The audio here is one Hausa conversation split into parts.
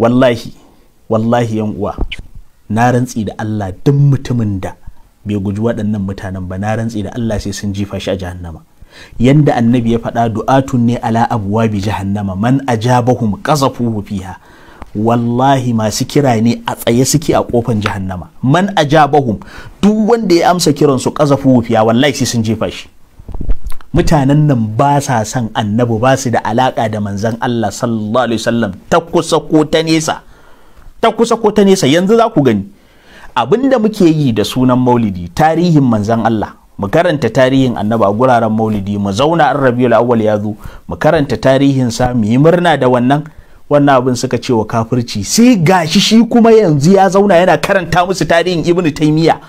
wallahi wallahi yan uwa na rantsi da Allah duk mutumin da bai guji waɗannan mutanen ba na rantsi da Allah sai sun jifa shi a jahannama yanda annabi ya faɗa du'atun ne ala abuwa bi jahannama man ajabahum qazafuhu fiha wallahi masu kira ne a tsaye suke a kofan jahannama man ajabahum duk wanda ya amsa kiransu qazafuhu fiha wallahi sai sun jefa shi mutanen nan ba sa son annabi ba su da alaka da manzan Allah sallallahu alaihi wasallam ta kusa ko ta nesa ta kusa ko ta nesa yanzu za ku gani abinda muke yi da sunan maulidi tarihin manzan Allah mu karanta tarihin annabi a guraren maulidi mu zauna an rabiul awwal ya zo mu karanta tarihin sa mu yi murna da wannan wannan abin suka ce wa kafirci sai gashi shi kuma yanzu ya zauna yana karanta musu tarihin ibnu taymiya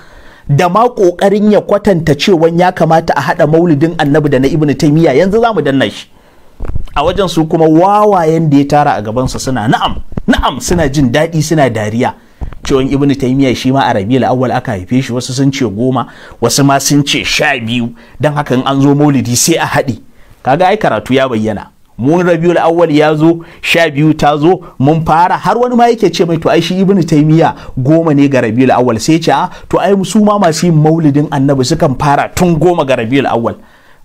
da ma kokarin ya kwatanta cewa ya kamata a haɗa maulidin annabi da na ibnu taimiyya yanzu za mu danna shi a wajen su kuma wawayen da ya tara a gabansa suna na'am na'am suna jin daɗi suna dariya cewan ibnu taimiyya shi ma a rabiul awwal aka haife shi wasu sun ce goma wasu ma sun ce sha biyu don haka in an zo maulidi sai a haɗi kaga ai karatu ya bayyana mun rabiul awwal ya zo sha biyu ta zo mun fara har wani ma yake ce mai to ai shi ibn taymiya goma ne ga rabiul awwal sai ce a ah, to ai su ma masu yin maulidin annabi sukan fara tun goma ga rabiul awwal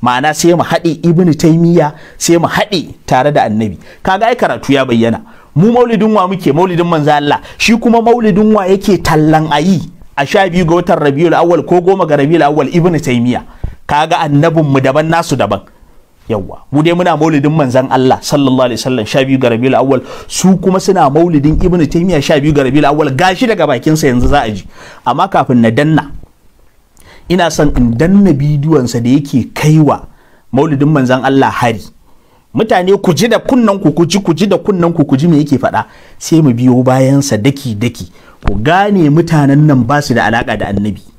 ma'ana sai mu haɗe ibn taymiya sai mu haɗe tare da annabi kaga ai karatu ya bayyana mu maulidin wa muke maulidin manzo Allah shi kuma maulidin wa yake tallan ayi a sha biyu ga watan rabiul awwal ko goma ga rabiul awwal ibn taymiya kaga annabin mu daban nasu daban yawwa mu dai muna maulidin manzan Allah sallallahu alaihi wasallam 12 ga Rabiul Awwal su kuma suna maulidin Ibn Taymiyyah 12 ga Rabiul Awwal gashi daga bakin sa yanzu za a ji amma kafin na danna ina son in danna bidiyon sa da yake kaiwa maulidin manzan Allah hari mutane ku ji da kunnan ku ku ji ku ji da kunnan ku ku ji me yake faɗa sai mu biyo bayan sa daki daki ku gane mutanen nan ba su da alaka da annabi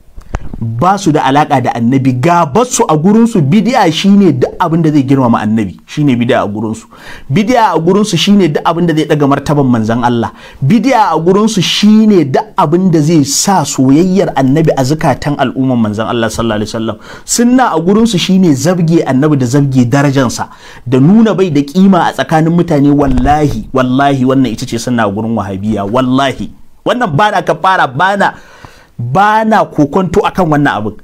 ba su da alaka da annabi Gabasu a gurinsu bidi'a shine duk abin da zai girmama annabi shine bidi'a a gurinsu bidi'a a gurinsu shine duk abin da zai daga martaban manzon Allah bidi'a a gurinsu shine duk abin da zai sa soyayyar annabi a zukatan al'umman manzon Allah sallallahu alaihi wasallam sunna a gurinsu shine zabge annabi da zabge darajansa da nuna bai da kima a tsakanin mutane wallahi wallahi wannan ita ce sunna a gurin wahabiya wallahi wannan bana kafara fara bana ba na kokonto kan wannan abin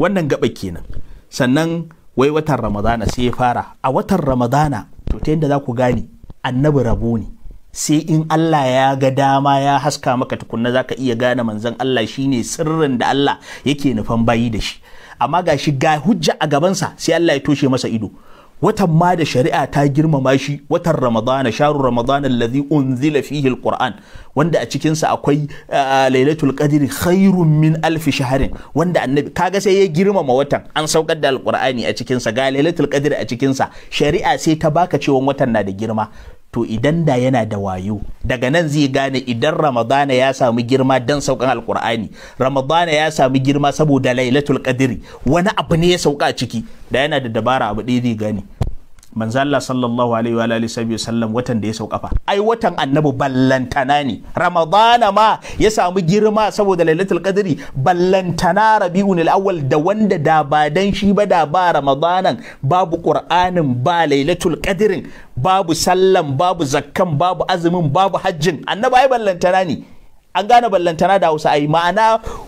wannan gaba kenan sannan wai watan ramadana sai ya fara a watan ramadana to ta yadda za ku gane annabi rabo ne sai in Allah ya ga dama ya haska maka tukunna ka iya gane manzan. Allah shine sirrin da Allah yake nufan bayi da shi amma ga shi ga hujja a gabansa sai Allah ya toshe masa ido watan ma da shari'a ta girmama shi watan ramadana sharu ramadana lazi unzila fihi alquran wanda a cikinsa akwai akwai lailatul qadri khairun min alf shaharin wanda annabi kaga sai ya girmama watan an saukar da alqurani a cikinsa ga lailatul qadri a cikinsa. shari'a sai ta baka cewa watan na da girma to idan da yana da wayo daga nan zai gane idan ramadana ya samu girma don saukan alkur'ani ramadana ya samu girma saboda lailatul qadri wani abu ne ya sauka ciki da yana da dabara abu ɗaya zai gane manzo Allah sallallahu alaihi wa alihi sallam watan da ya sauka fa ai watan annabi ballantana ne ramadana ma ya samu girma saboda lailatul qadri ballantana rabiul awwal da wanda da ba dan shi ba da ba ramadanan babu qur'anin ba lailatul qadrin babu sallan babu zakkan babu azumin babu hajjin annabi ai ballantana ne an gane ballantana da hausa ai ma'ana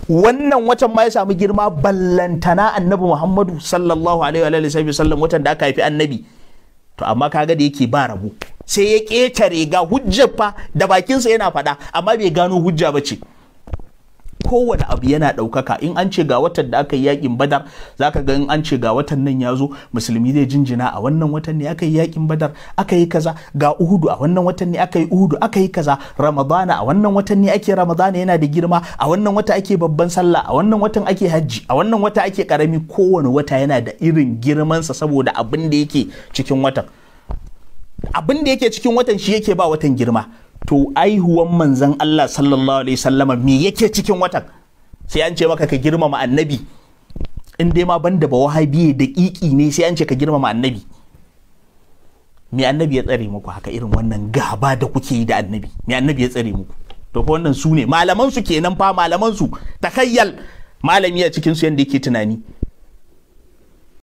wannan watan ma ya samu girma ballantana annabi muhammadu sallallahu alaihi wa sallam watan da aka haifi annabi to amma kaga da yake ba rabu. sai ya ƙetare ga hujjar fa da bakinsa yana faɗa amma bai gano hujja ba ce kowane abu yana ɗaukaka in an ce ga watan da aka yi yakin badar zaka ga in an ce ga watan nan ya zo musulmi zai jinjina a wannan watan ne aka yi yakin badar aka yi kaza ga uhudu a wannan watan ne aka yi uhudu aka yi kaza ramadana a wannan watan ne ake ramadana yana da girma a wannan wata ake babban sallah a wannan watan ake hajji a wannan wata ake karami kowane wata yana da irin girmansa saboda abin da yake cikin watan abin da yake cikin watan shi yake ba watan girma to aihuwan manzan Allah sallallahu alaihi sallama me yake cikin watan sai an ce maka ka girmama annabi in dai ma banda ba wahabi da ƙiƙi ne sai an ce ka girmama annabi me annabi ya tsare muku haka irin wannan gaba da kuke yi da annabi me annabi ya tsare muku to ko wannan su ne malaman su kenan fa malaman su takayyal malami a cikin su yanda yake tunani